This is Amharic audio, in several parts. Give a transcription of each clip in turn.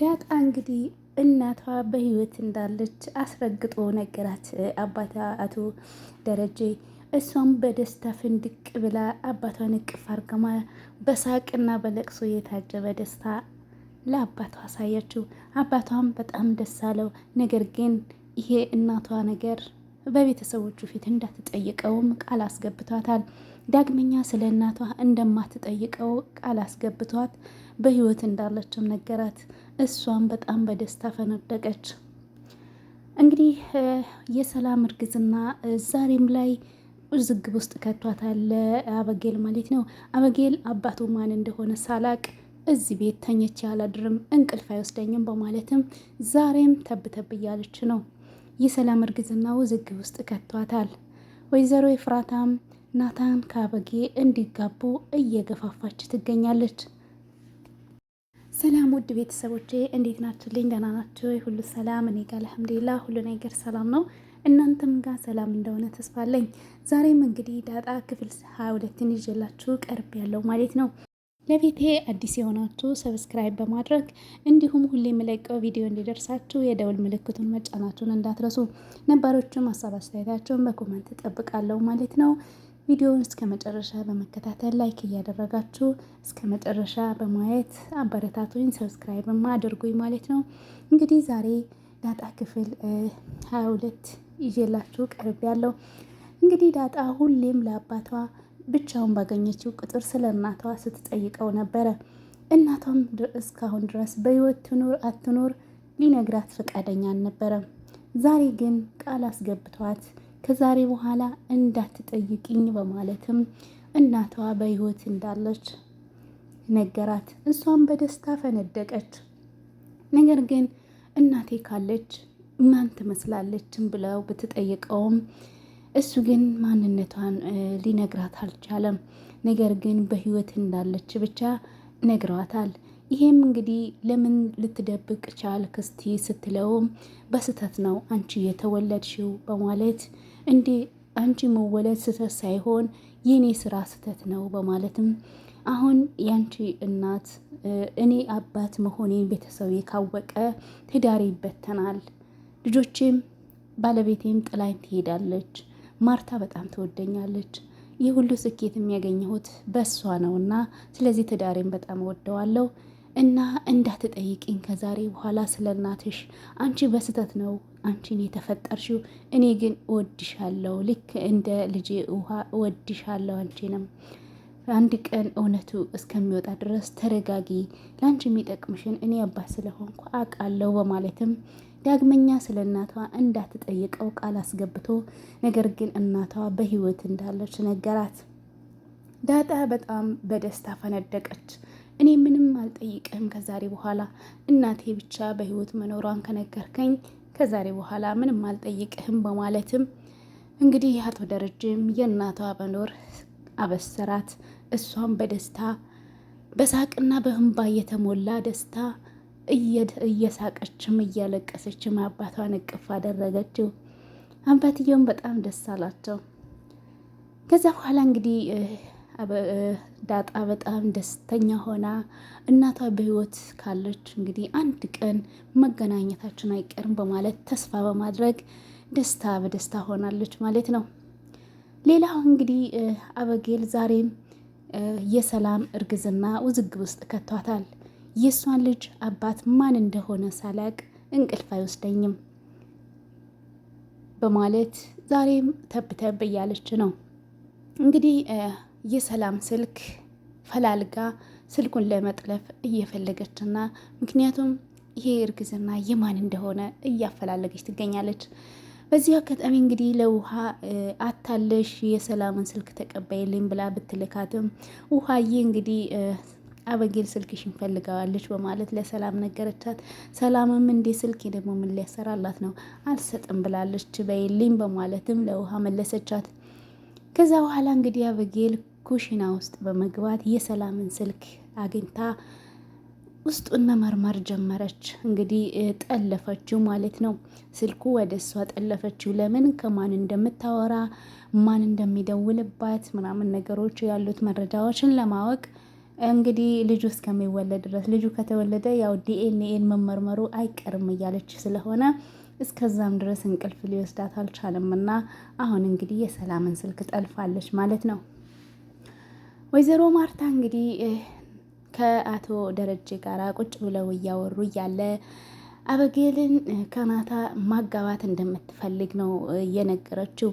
ዳጣ እንግዲህ እናቷ በህይወት እንዳለች አስረግጦ ነገራት አባቷ አቶ ደረጀ። እሷም በደስታ ፍንድቅ ብላ አባቷን እቅፍ አርገማ በሳቅና በለቅሶ የታጀበ ደስታ ለአባቷ አሳያችው። አባቷም በጣም ደስ አለው። ነገር ግን ይሄ እናቷ ነገር በቤተሰቦቹ ፊት እንዳትጠይቀውም ቃል አስገብቷታል። ዳግመኛ ስለ እናቷ እንደማትጠይቀው ቃል አስገብቷት በህይወት እንዳለችም ነገራት። እሷም በጣም በደስታ ፈነደቀች። እንግዲህ የሰላም እርግዝና ዛሬም ላይ ውዝግብ ውስጥ ከቷታል አበጌል ማለት ነው። አበጌል አባቱ ማን እንደሆነ ሳላቅ እዚህ ቤት ተኝቼ አላድርም፣ እንቅልፍ አይወስደኝም በማለትም ዛሬም ተብተብ እያለች ነው። የሰላም እርግዝና ውዝግብ ውስጥ ከቷታል። ወይዘሮ የፍራታም ናታን ከአበጌ እንዲጋቡ እየገፋፋች ትገኛለች። ሰላም ውድ ቤተሰቦቼ እንዴት ናችሁልኝ? ደህና ናችሁ? ሁሉ ሰላም? እኔ ጋር አልሐምዱሊላህ ሁሉ ነገር ሰላም ነው። እናንተም ጋር ሰላም እንደሆነ ተስፋ አለኝ። ዛሬም እንግዲህ ዳጣ ክፍል ሀያ ሁለትን ይዤላችሁ ቀርብ ያለው ማለት ነው። ለቤቴ አዲስ የሆናችሁ ሰብስክራይብ በማድረግ እንዲሁም ሁሌ የምለቀው ቪዲዮ እንዲደርሳችሁ የደውል ምልክቱን መጫናችሁን እንዳትረሱ። ነባሮቹም ሀሳብ አስተያየታቸውን በኮመንት እጠብቃለሁ ማለት ነው። ቪዲዮውን እስከ መጨረሻ በመከታተል ላይክ እያደረጋችሁ እስከ መጨረሻ በማየት አበረታቱኝ፣ ሰብስክራይብ አድርጉኝ ማለት ነው። እንግዲህ ዛሬ ዳጣ ክፍል ሀያ ሁለት ይዤላችሁ ቀርብ ያለው እንግዲህ ዳጣ ሁሌም ለአባቷ ብቻውን ባገኘችው ቁጥር ስለ እናቷ ስትጠይቀው ነበረ። እናቷም እስካሁን ድረስ በህይወት ትኖር አትኖር ሊነግራት ፈቃደኛ አልነበረም። ዛሬ ግን ቃል አስገብቷት ከዛሬ በኋላ እንዳትጠይቅኝ በማለትም እናቷ በሕይወት እንዳለች ነገራት። እሷም በደስታ ፈነደቀች። ነገር ግን እናቴ ካለች ማን ትመስላለችም ብለው ብትጠይቀውም እሱ ግን ማንነቷን ሊነግራት አልቻለም። ነገር ግን በሕይወት እንዳለች ብቻ ነግረዋታል። ይሄም እንግዲህ ለምን ልትደብቅ ቻልክ እስቲ ስትለውም በስህተት ነው አንቺ የተወለድሽው በማለት እንዴ አንቺ መወለድ ስህተት ሳይሆን የእኔ ስራ ስህተት ነው በማለትም አሁን ያንቺ እናት እኔ አባት መሆኔን ቤተሰብ ካወቀ ትዳሬ ይበተናል፣ ልጆቼም ባለቤቴም ጥላኝ ትሄዳለች። ማርታ በጣም ትወደኛለች። ይህ ሁሉ ስኬት የሚያገኘሁት በእሷ ነው እና ስለዚህ ትዳሬን በጣም እወደዋለሁ እና እንዳትጠይቅኝ ከዛሬ በኋላ ስለ እናትሽ አንቺ በስህተት ነው አንቺን የተፈጠርሽው እኔ ግን እወድሻለሁ፣ ልክ እንደ ልጄ ውሃ እወድሻለሁ አንቺንም አንድ ቀን እውነቱ እስከሚወጣ ድረስ ተረጋጊ፣ ለአንቺ የሚጠቅምሽን እኔ አባት ስለሆንኩ አውቃለሁ በማለትም ዳግመኛ ስለ እናቷ እንዳትጠይቀው ቃል አስገብቶ፣ ነገር ግን እናቷ በሕይወት እንዳለች ነገራት። ዳጣ በጣም በደስታ ፈነደቀች። እኔ ምንም አልጠይቅህም ከዛሬ በኋላ እናቴ ብቻ በሕይወት መኖሯን ከነገርከኝ ከዛሬ በኋላ ምንም አልጠይቅህም በማለትም እንግዲህ አቶ ደረጀም የእናቷ መኖር አበሰራት። እሷም በደስታ በሳቅና በህንባ የተሞላ ደስታ እየሳቀችም እያለቀሰችም አባቷን እቅፍ አደረገችው። አባትየውም በጣም ደስ አላቸው። ከዛ በኋላ እንግዲህ ዳጣ በጣም ደስተኛ ሆና እናቷ በህይወት ካለች እንግዲህ አንድ ቀን መገናኘታችን አይቀርም በማለት ተስፋ በማድረግ ደስታ በደስታ ሆናለች ማለት ነው። ሌላው እንግዲህ አበጌል ዛሬም የሰላም እርግዝና ውዝግብ ውስጥ ከቷታል። የእሷን ልጅ አባት ማን እንደሆነ ሳላቅ እንቅልፍ አይወስደኝም በማለት ዛሬም ተብተብ እያለች ነው እንግዲህ የሰላም ስልክ ፈላልጋ ስልኩን ለመጥለፍ እየፈለገች እየፈለገችና ምክንያቱም ይሄ እርግዝና የማን እንደሆነ እያፈላለገች ትገኛለች። በዚህ አጋጣሚ እንግዲህ ለውሃ አታለሽ የሰላምን ስልክ ተቀበይልኝ ብላ ብትልካትም ውሃዬ እንግዲህ አበጌል ስልክሽን ፈልገዋለች በማለት ለሰላም ነገረቻት። ሰላምም እንዴ ስልክ ደግሞ ምን ሊያሰራላት ነው አልሰጥም ብላለች በይልኝ በማለትም ለውሃ መለሰቻት። ከዛ በኋላ እንግዲህ አበጌል ኩሽና ውስጥ በመግባት የሰላምን ስልክ አግኝታ ውስጡን መመርመር ጀመረች። እንግዲህ ጠለፈችው ማለት ነው። ስልኩ ወደ እሷ ጠለፈችው። ለምን ከማን እንደምታወራ ማን እንደሚደውልባት ምናምን ነገሮች ያሉት መረጃዎችን ለማወቅ እንግዲህ ልጁ እስከሚወለድ ድረስ ልጁ ከተወለደ ያው ዲኤንኤን መመርመሩ አይቀርም እያለች ስለሆነ እስከዛም ድረስ እንቅልፍ ሊወስዳት አልቻለም እና አሁን እንግዲህ የሰላምን ስልክ ጠልፋለች ማለት ነው። ወይዘሮ ማርታ እንግዲህ ከአቶ ደረጀ ጋር ቁጭ ብለው እያወሩ እያለ አበጌልን ከናታ ማጋባት እንደምትፈልግ ነው እየነገረችው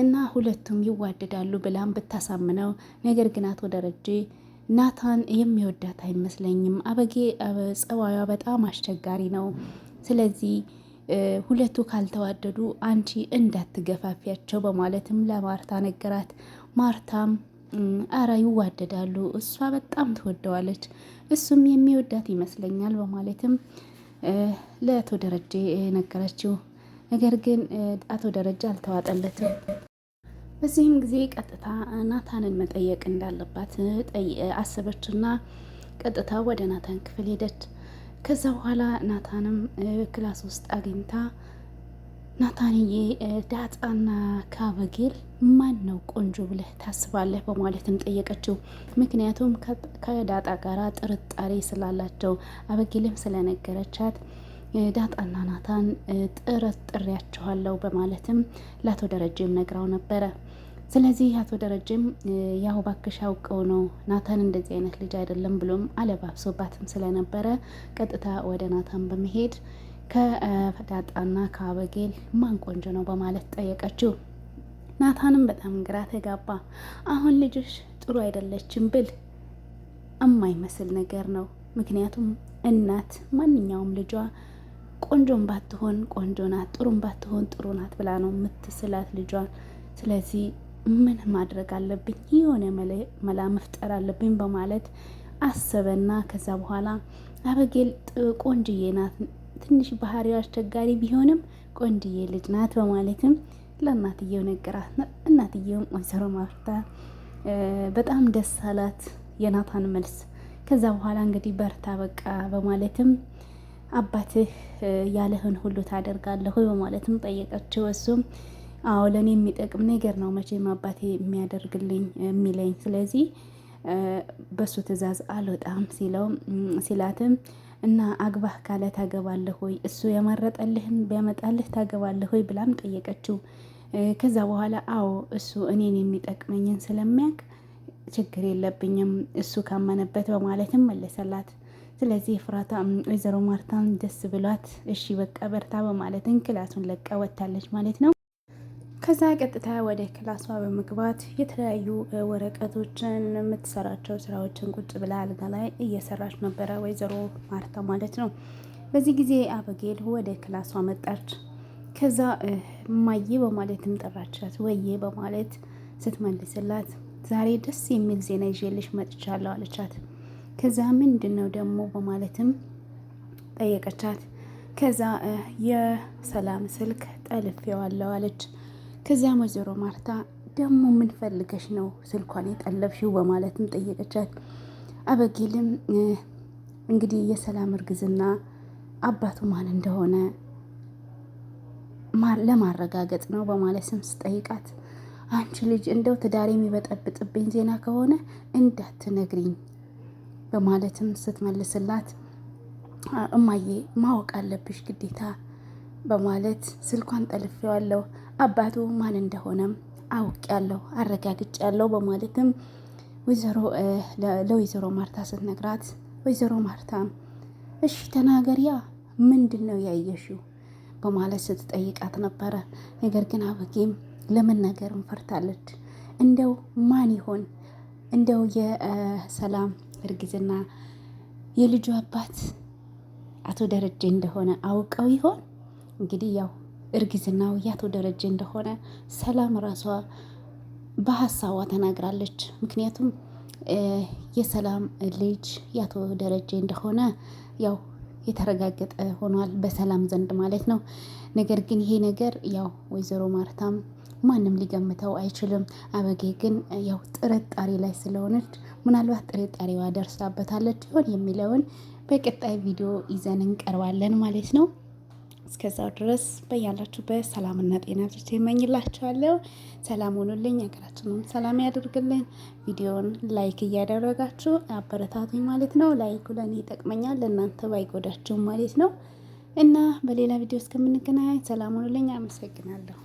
እና ሁለቱም ይዋደዳሉ ብላም ብታሳምነው፣ ነገር ግን አቶ ደረጀ ናታን የሚወዳት አይመስለኝም። አበጌ ጸባዩ በጣም አስቸጋሪ ነው። ስለዚህ ሁለቱ ካልተዋደዱ አንቺ እንዳትገፋፊያቸው በማለትም ለማርታ ነገራት። ማርታም አረ ይዋደዳሉ፣ እሷ በጣም ትወደዋለች፣ እሱም የሚወዳት ይመስለኛል በማለትም ለአቶ ደረጀ ነገረችው። ነገር ግን አቶ ደረጀ አልተዋጠለትም። በዚህም ጊዜ ቀጥታ ናታንን መጠየቅ እንዳለባት አሰበችና ቀጥታ ወደ ናታን ክፍል ሄደች። ከዛ በኋላ ናታንም ክላስ ውስጥ አግኝታ ናታንዬ ዳጣና ከአበጌል ማን ነው ቆንጆ ብለህ ታስባለህ? በማለትም ጠየቀችው። ምክንያቱም ከዳጣ ጋር ጥርጣሬ ስላላቸው አበጌልም ስለነገረቻት ዳጣና ናታን ጠርጥሬያቸዋለሁ በማለትም ለአቶ ደረጀም ነግራው ነበረ። ስለዚህ አቶ ደረጀም ያው ባክሽ አውቀው ነው ናታን እንደዚህ አይነት ልጅ አይደለም ብሎም አለባብሶባትም ስለነበረ ቀጥታ ወደ ናታን በመሄድ ከዳጣና ከአበጌል ማን ቆንጆ ነው በማለት ጠየቀችው። ናታንም በጣም ግራ ተጋባ። አሁን ልጅሽ ጥሩ አይደለችም ብል እማይመስል ነገር ነው። ምክንያቱም እናት ማንኛውም ልጇ ቆንጆን ባትሆን ቆንጆ ናት፣ ጥሩም ባትሆን ጥሩ ናት ብላ ነው የምትስላት ልጇን። ስለዚህ ምን ማድረግ አለብኝ፣ የሆነ መላ መፍጠር አለብኝ በማለት አሰበና ከዛ በኋላ አበጌል ቆንጅዬ ናት ትንሽ ባህሪው አስቸጋሪ ቢሆንም ቆንጅዬ ልጅ ናት በማለትም ለእናትየው ነገራት። እናትየውም ወይዘሮ ማርታ በጣም ደስ አላት የናታን መልስ። ከዛ በኋላ እንግዲህ በርታ በቃ በማለትም አባትህ ያለህን ሁሉ ታደርጋለሁ በማለትም ጠየቀችው። እሱም አዎ ለእኔ የሚጠቅም ነገር ነው መቼም አባቴ የሚያደርግልኝ የሚለኝ፣ ስለዚህ በእሱ ትዕዛዝ አልወጣም ሲለው ሲላትም እና አግባህ ካለ ታገባለህ ወይ እሱ የመረጠልህን ቢያመጣልህ ታገባለህ ወይ ብላም ጠየቀችው። ከዛ በኋላ አዎ እሱ እኔን የሚጠቅመኝን ስለሚያውቅ ችግር የለብኝም እሱ ካመነበት በማለትም መለሰላት። ስለዚህ ፍራታ ወይዘሮ ማርታን ደስ ብሏት እሺ በቃ በርታ በማለትን ክላሱን ለቃ ወጥታለች ማለት ነው። ከዛ ቀጥታ ወደ ክላሷ በመግባት የተለያዩ ወረቀቶችን የምትሰራቸው ስራዎችን ቁጭ ብላ አልጋ ላይ እየሰራች ነበረ ወይዘሮ ማርታ ማለት ነው። በዚህ ጊዜ አበጌል ወደ ክላሷ መጣች። ከዛ ማዬ በማለትም ጠራቻት። ወዬ በማለት ስትመልስላት ዛሬ ደስ የሚል ዜና ይዤልሽ መጥቻለሁ አለቻት። ከዛ ምንድን ነው ደግሞ በማለትም ጠየቀቻት። ከዛ የሰላም ስልክ ጠልፌዋለሁ አለች። ከዚያ ወይዘሮ ማርታ ደግሞ ምን ፈልገሽ ነው ስልኳን የጠለብሽው በማለትም ጠየቀቻት። አበጌልም እንግዲህ የሰላም እርግዝና አባቱ ማን እንደሆነ ለማረጋገጥ ነው በማለት ስም ስጠይቃት አንቺ ልጅ እንደው ትዳር የሚበጠብጥብኝ ዜና ከሆነ እንዳትነግሪኝ በማለትም ስትመልስላት እማዬ ማወቅ አለብሽ ግዴታ በማለት ስልኳን ጠልፌዋለሁ አባቱ ማን እንደሆነ አውቅ ያለው አረጋግጭ ያለው በማለትም ወይዘሮ ለወይዘሮ ማርታ ስትነግራት ወይዘሮ ማርታ እሺ ተናገሪያ ምንድን ነው ያየሽው በማለት ስትጠይቃት ነበረ። ነገር ግን አበጌም ለመናገር እንፈርታለች። እንደው ማን ይሆን እንደው የሰላም እርግዝና የልጁ አባት አቶ ደረጀ እንደሆነ አውቀው ይሆን እንግዲህ ያው እርግዝናው የአቶ ደረጀ እንደሆነ ሰላም ራሷ በሀሳቧ ተናግራለች። ምክንያቱም የሰላም ልጅ የአቶ ደረጀ እንደሆነ ያው የተረጋገጠ ሆኗል፣ በሰላም ዘንድ ማለት ነው። ነገር ግን ይሄ ነገር ያው ወይዘሮ ማርታም ማንም ሊገምተው አይችልም። አበጌ ግን ያው ጥርጣሬ ላይ ስለሆነች ምናልባት ጥርጣሬዋ ደርሳበታለች ይሆን የሚለውን በቀጣይ ቪዲዮ ይዘን እንቀርባለን ማለት ነው። እስከዛው ድረስ በያላችሁበት ሰላምና ጤና ብቻ ይመኝላችኋለሁ። ሰላም ሆኑልኝ፣ ሀገራችንን ሰላም ያደርግልን። ቪዲዮን ላይክ እያደረጋችሁ አበረታቱኝ ማለት ነው። ላይኩ ለእኔ ይጠቅመኛል፣ ለእናንተ ባይጎዳችሁም ማለት ነው። እና በሌላ ቪዲዮ እስከምንገናኝ ሰላም ሆኑልኝ። አመሰግናለሁ።